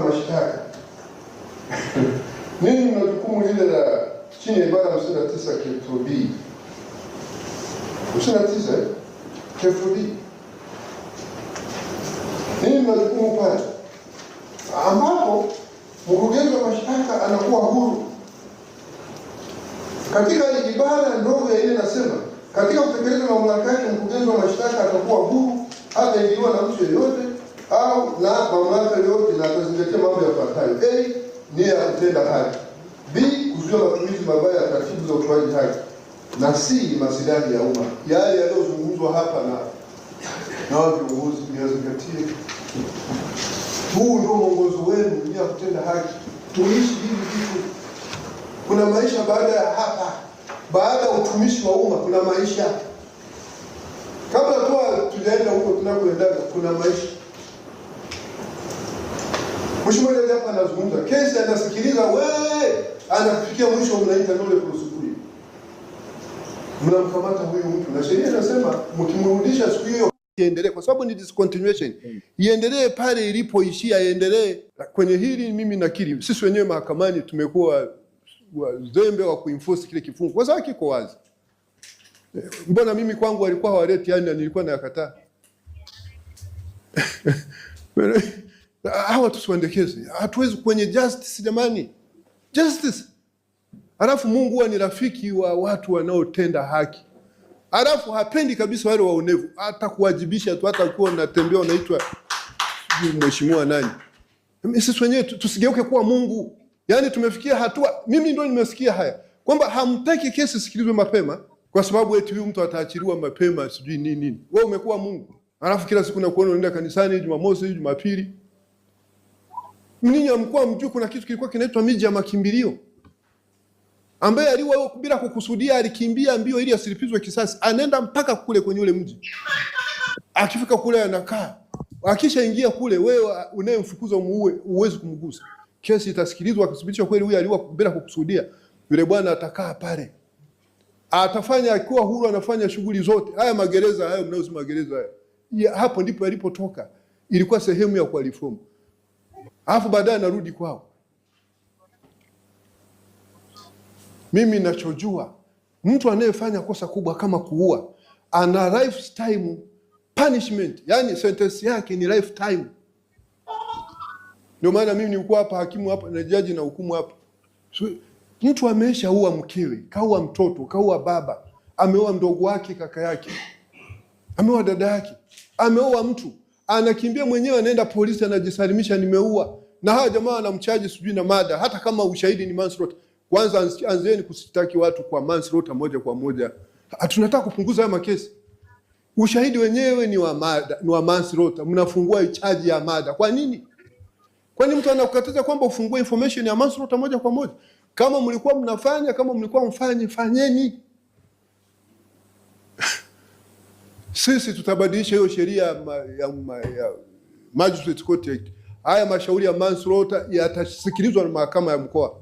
mashtaka ninyi mna jukumu lile la chini ya ibara hamsini na tisa kifungu b hamsini na tisa kifungu b ninyi jukumu pale ambapo mkurugenzi wa mashtaka anakuwa huru katika ibara ndogo ya ile nasema katika kutekeleza mamlaka yake mkurugenzi wa mashtaka atakuwa huru hata ingiliwa na mtu yeyote au na mamlaka yote inazingatia mambo yafuatayo: a ni ya kutenda haki, b kuzuia matumizi mabaya ya taratibu za utoaji haki na c masilahi ya umma. Yale yaliyozungumzwa hapa na nao viongozi niyazingatie. Huu ndio mwongozo wenu, ni ya kutenda haki. Tuishi hivi vitu, kuna maisha baada ya hapa, baada ya utumishi wa umma kuna maisha. Kabla tuwa tujaenda huko tunakoendaga, kuna maisha Mheshimiwa hapa anazungumza, kesha anasikiliza wewe, anafikia mwisho mnaita yule prosecute. Mnamkamata huyo mtu na sheria inasema mkimrudisha siku hiyo iendelee kwa sababu ni discontinuation. Hmm. Iendelee pale ilipoishia iendelee. Kwenye hili mimi nakiri, sisi wenyewe mahakamani tumekuwa wazembe wa kuenforce kile kifungu kwa sababu kiko wazi. Eh, mbona mimi kwangu walikuwa hawaleti yani, nilikuwa nakataa hawa tusiwaendekeze, hatuwezi kwenye justice jamani, justice. Alafu Mungu huwa ni rafiki wa watu wanaotenda haki, alafu hapendi kabisa wale waonevu, Atakuwajibisha tu, hata kuwa unatembea unaitwa mheshimiwa nani. Sisi wenyewe tusigeuke kuwa Mungu. Yani tumefikia hatua, mimi ndio nimesikia haya kwamba hamtaki kesi sikilizwe mapema kwa sababu eti huyu mtu ataachiliwa mapema, sijui nini nini. Wewe umekuwa Mungu, alafu kila siku nakuona unaenda kanisani Jumamosi, Jumapili Mnyinyi hamkuwa mjui kuna kitu kilikuwa kinaitwa miji ya makimbilio, ambaye aliwa bila kukusudia alikimbia mbio ili asilipizwe kisasi. Anaenda mpaka kule kwenye ule mji, akifika kule anakaa, akishaingia kule, wewe unayemfukuza muue, uwezi kumgusa. Kesi itasikilizwa, akithibitisha kweli huyu aliwa bila kukusudia, yule bwana atakaa pale, atafanya akiwa huru, anafanya shughuli zote. Haya magereza hayo mnayozi magereza hayo, hapo ndipo alipotoka, ilikuwa sehemu ya kuwa reform alafu baadaye anarudi kwao. Mimi nachojua mtu anayefanya kosa kubwa kama kuua ana lifetime punishment, yani sentence yake ni lifetime. Ndio maana mimi nilikuwa hapa hakimu hapa na jaji na hukumu hapa. So, mtu ameshaua mkewe, kaua mtoto, kaua baba, ameua mdogo wake, kaka yake, ameua dada yake, ameua mtu anakimbia mwenyewe, anaenda polisi, anajisalimisha, nimeua. Na hawa jamaa wanamchaji sijui na mada, hata kama ushahidi ni manslaughter. Kwanza anzeni kusitaki watu kwa manslaughter moja kwa moja, tunataka kupunguza haya makesi. Ushahidi wenyewe ni wa mada, ni wa manslaughter, mnafungua ichaji ya mada kwa nini? Kwa nini mtu anakukataza kwamba ufungue information ya manslaughter moja kwa moja? Kama mlikuwa mnafanya, kama mlikuwa mfanye, fanyeni. Sisi tutabadilisha hiyo sheria ya magistrate court act. Haya mashauri ya manslaughter yatasikilizwa na mahakama ya mkoa.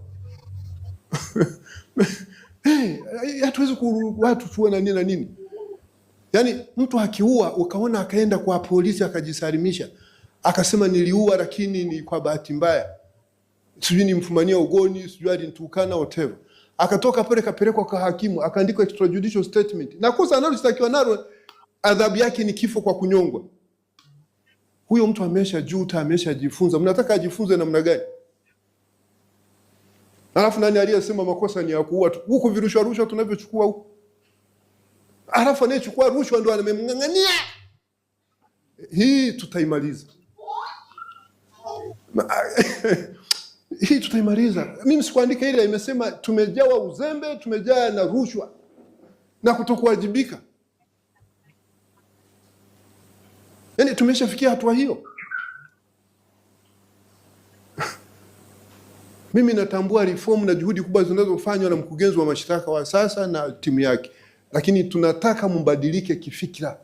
Hey, eh, hatuwezi watu tuwe na nini na nini. Yaani mtu akiua ukaona akaenda kwa polisi akajisalimisha akasema niliua, lakini ni kwa bahati mbaya, sijui nimfumania ugoni, sijui alinitukana whatever, akatoka pale kapelekwa kwa hakimu akaandikwa extrajudicial statement na kosa analo analoshtakiwa nalo adhabu yake ni kifo kwa kunyongwa. Huyo mtu ameshajuta, ameshajifunza. Mnataka ajifunze namna gani? Alafu nani aliyesema makosa ni ya kuua tu? Huku virushwa rushwa tunavyochukua huku, alafu anayechukua rushwa ndo anamemng'ang'ania. Hii tutaimaliza hii tutaimaliza. Mimi sikuandika ile, imesema tumejawa uzembe, tumejaa na rushwa na kutokuwajibika. Yaani tumeshafikia hatua hiyo. Mimi natambua reform na juhudi kubwa zinazofanywa na mkurugenzi wa mashtaka wa sasa na timu yake, lakini tunataka mbadilike kifikira.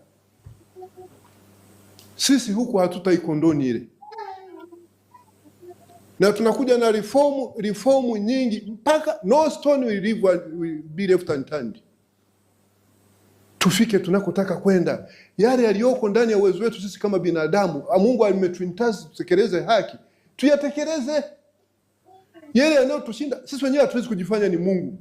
Sisi huku hatutaikondoni ile, na tunakuja na reformu reformu nyingi mpaka no stone will leave, will be left unturned tufike tunakotaka kwenda. Yale yaliyoko ndani ya uwezo wetu sisi kama binadamu, ah, Mungu ametuintazi tutekeleze haki, tuyatekeleze. Yale yanayotushinda sisi wenyewe hatuwezi kujifanya ni Mungu,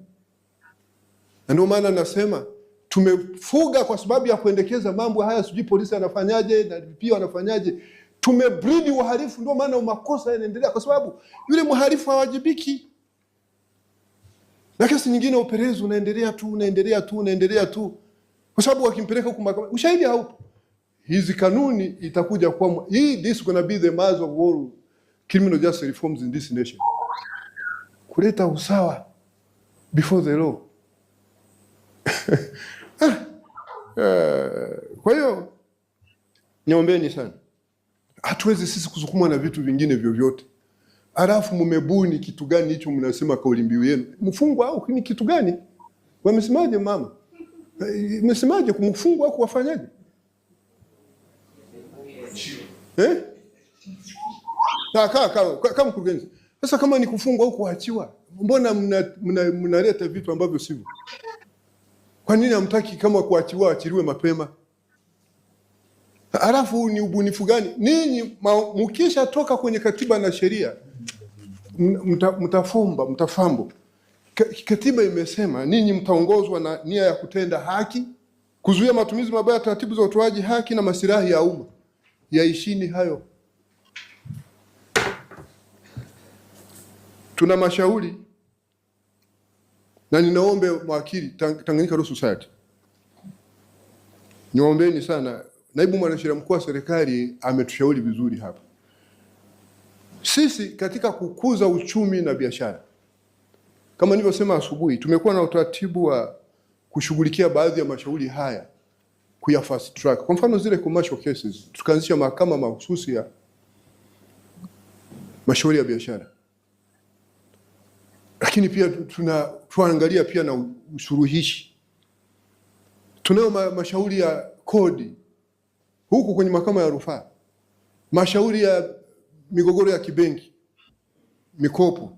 na ndio maana nasema tumefuga kwa sababu ya kuendekeza mambo haya, sijui polisi anafanyaje na pia wanafanyaje. Tumebridi wahalifu, ndio maana makosa yanaendelea, kwa sababu yule mhalifu hawajibiki, na kesi nyingine upelelezi unaendelea tu unaendelea tu unaendelea tu kwa sababu wakimpeleka huko mahakamani ushahidi haupo. Hizi kanuni itakuja kwa hii, this gonna be the mother of all criminal justice reforms in this nation, kuleta usawa before the law. Ah, eh, kwa hiyo niombeni sana, hatuwezi sisi kusukumwa na vitu vingine vyovyote. Alafu mumebuni kitu gani hicho? Mnasema kauli mbiu yenu mfungwa au ni kitu gani? Wamesemaje mama Eh, mesemaje kumfunga au kuwafanyaje? Eh? Ah, kama mkurugenzi sasa, kama ni kufungwa au kuachiwa, mbona mnaleta vitu ambavyo sivyo? Kwa nini hamtaki kama kuachiwa achiriwe mapema? Halafu ni ubunifu gani ninyi? Mkisha toka kwenye katiba na sheria, mtafumba mtafambo Katiba imesema ninyi mtaongozwa na nia ya kutenda haki, kuzuia matumizi mabaya ya taratibu za utoaji haki na masilahi ya umma. Yaishini hayo. Tuna mashauri na ninaombe mawakili Tanganyika Law Society, niwaombeni sana. Naibu mwanasheria mkuu wa serikali ametushauri vizuri hapa. Sisi katika kukuza uchumi na biashara kama nilivyosema asubuhi, tumekuwa na utaratibu wa kushughulikia baadhi ya mashauri haya kuya fast track. Kwa mfano zile commercial cases, tukaanzisha mahakama mahususi ya mashauri ya biashara, lakini pia tuna tuangalia pia na usuluhishi. Tunayo ma, mashauri ya kodi huku kwenye mahakama ya rufaa, mashauri ya migogoro ya kibenki, mikopo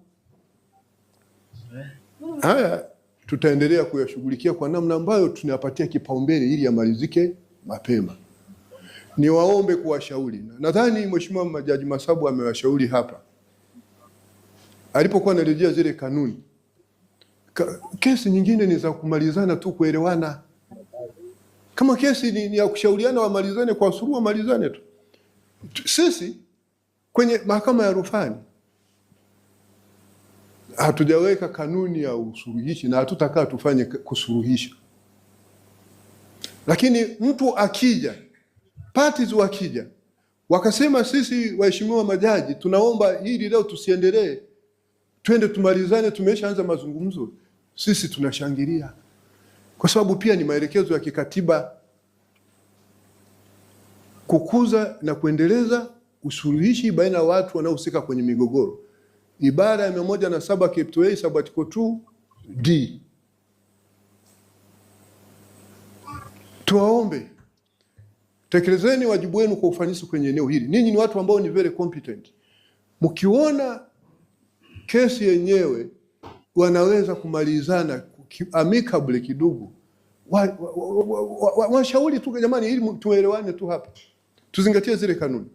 haya tutaendelea kuyashughulikia kwa namna ambayo tunayapatia kipaumbele ili yamalizike mapema. Niwaombe kuwashauri, nadhani Mheshimiwa majaji Masabu amewashauri hapa alipokuwa anarejea zile kanuni Ka, kesi nyingine ni za kumalizana tu, kuelewana. Kama kesi ni, ni ya kushauriana, wamalizane kwa suluhu, wamalizane tu. Sisi kwenye mahakama ya rufani hatujaweka kanuni ya usuluhishi na hatutakaa tufanye kusuluhisha, lakini mtu akija, parties wakija wakasema sisi waheshimiwa majaji, tunaomba hili leo tusiendelee, twende tumalizane, tumeshaanza mazungumzo, sisi tunashangilia, kwa sababu pia ni maelekezo ya kikatiba kukuza na kuendeleza usuluhishi baina ya watu wanaohusika kwenye migogoro ibara ya mia moja na saba a sabatiko 2d. Tuwaombe, tekelezeni wajibu wenu kwa ufanisi kwenye eneo hili. Ninyi ni watu ambao ni very competent. Mkiona kesi yenyewe wanaweza kumalizana amicably kidogo, washauri wa, wa, wa, wa, wa tu jamani, ili tuelewane tu hapa, tuzingatie zile kanuni.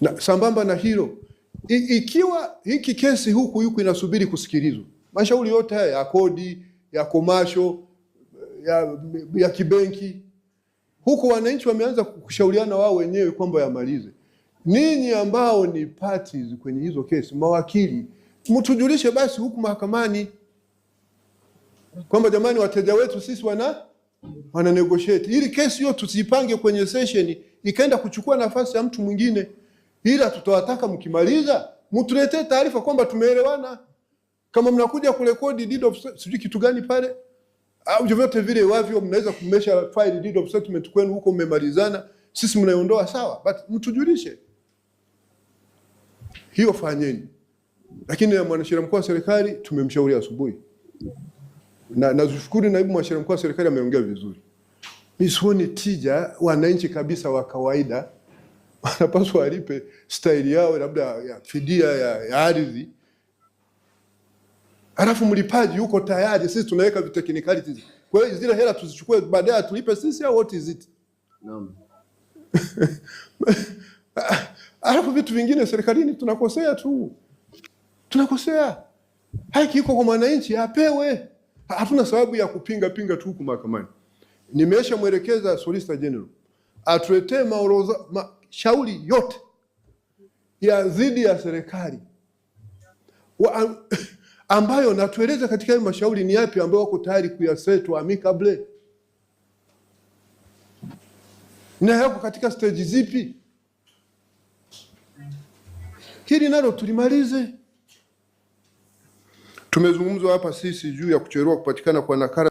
Na sambamba na hilo I, ikiwa hiki kesi huku yuko inasubiri kusikilizwa, mashauri yote haya ya kodi ya komasho ya, ya kibenki huku, wananchi wameanza kushauriana wao wenyewe kwamba yamalize. Ninyi ambao ni parties kwenye hizo kesi, mawakili, mtujulishe basi huku mahakamani kwamba jamani, wateja wetu sisi wana, wana negotiate ili kesi hiyo tusipange kwenye sesheni ikaenda kuchukua nafasi ya mtu mwingine ila tutawataka mkimaliza mtuletee taarifa kwamba tumeelewana. Kama mnakuja kurekodi deed of sijui kitu gani pale au vyovyote vile wavyo, mnaweza kumesha file deed of settlement kwenu huko, mmemalizana, sisi mnaiondoa sawa, but mtujulishe hiyo, fanyeni. Lakini na mwanasheria mkuu wa serikali tumemshauri asubuhi, na nashukuru naibu mwanasheria mkuu wa serikali ameongea vizuri. Mimi sioni tija wananchi kabisa wa kawaida wanapaswa walipe staili yao labda ya fidia ya, ya ardhi, alafu mlipaji yuko tayari. Sisi tunaweka viteknikali. Kwa hiyo zile hela tuzichukue baadaye atulipe sisi au what is it? Naam. Alafu vitu vingine serikalini tunakosea tu, tunakosea. Haki iko kwa mwananchi, apewe. Hatuna sababu ya kupinga pinga tu huku mahakamani. Nimeshamwelekeza Solicitor General atuletee maoroza ma mashauri yote ya dhidi ya serikali ambayo natueleza katika hayo mashauri ni yapi ambayo wako tayari kuyasetwa amikable na yako katika steji zipi? Hili nalo tulimalize. Tumezungumzwa hapa sisi juu ya kuchelewa kupatikana kwa nakala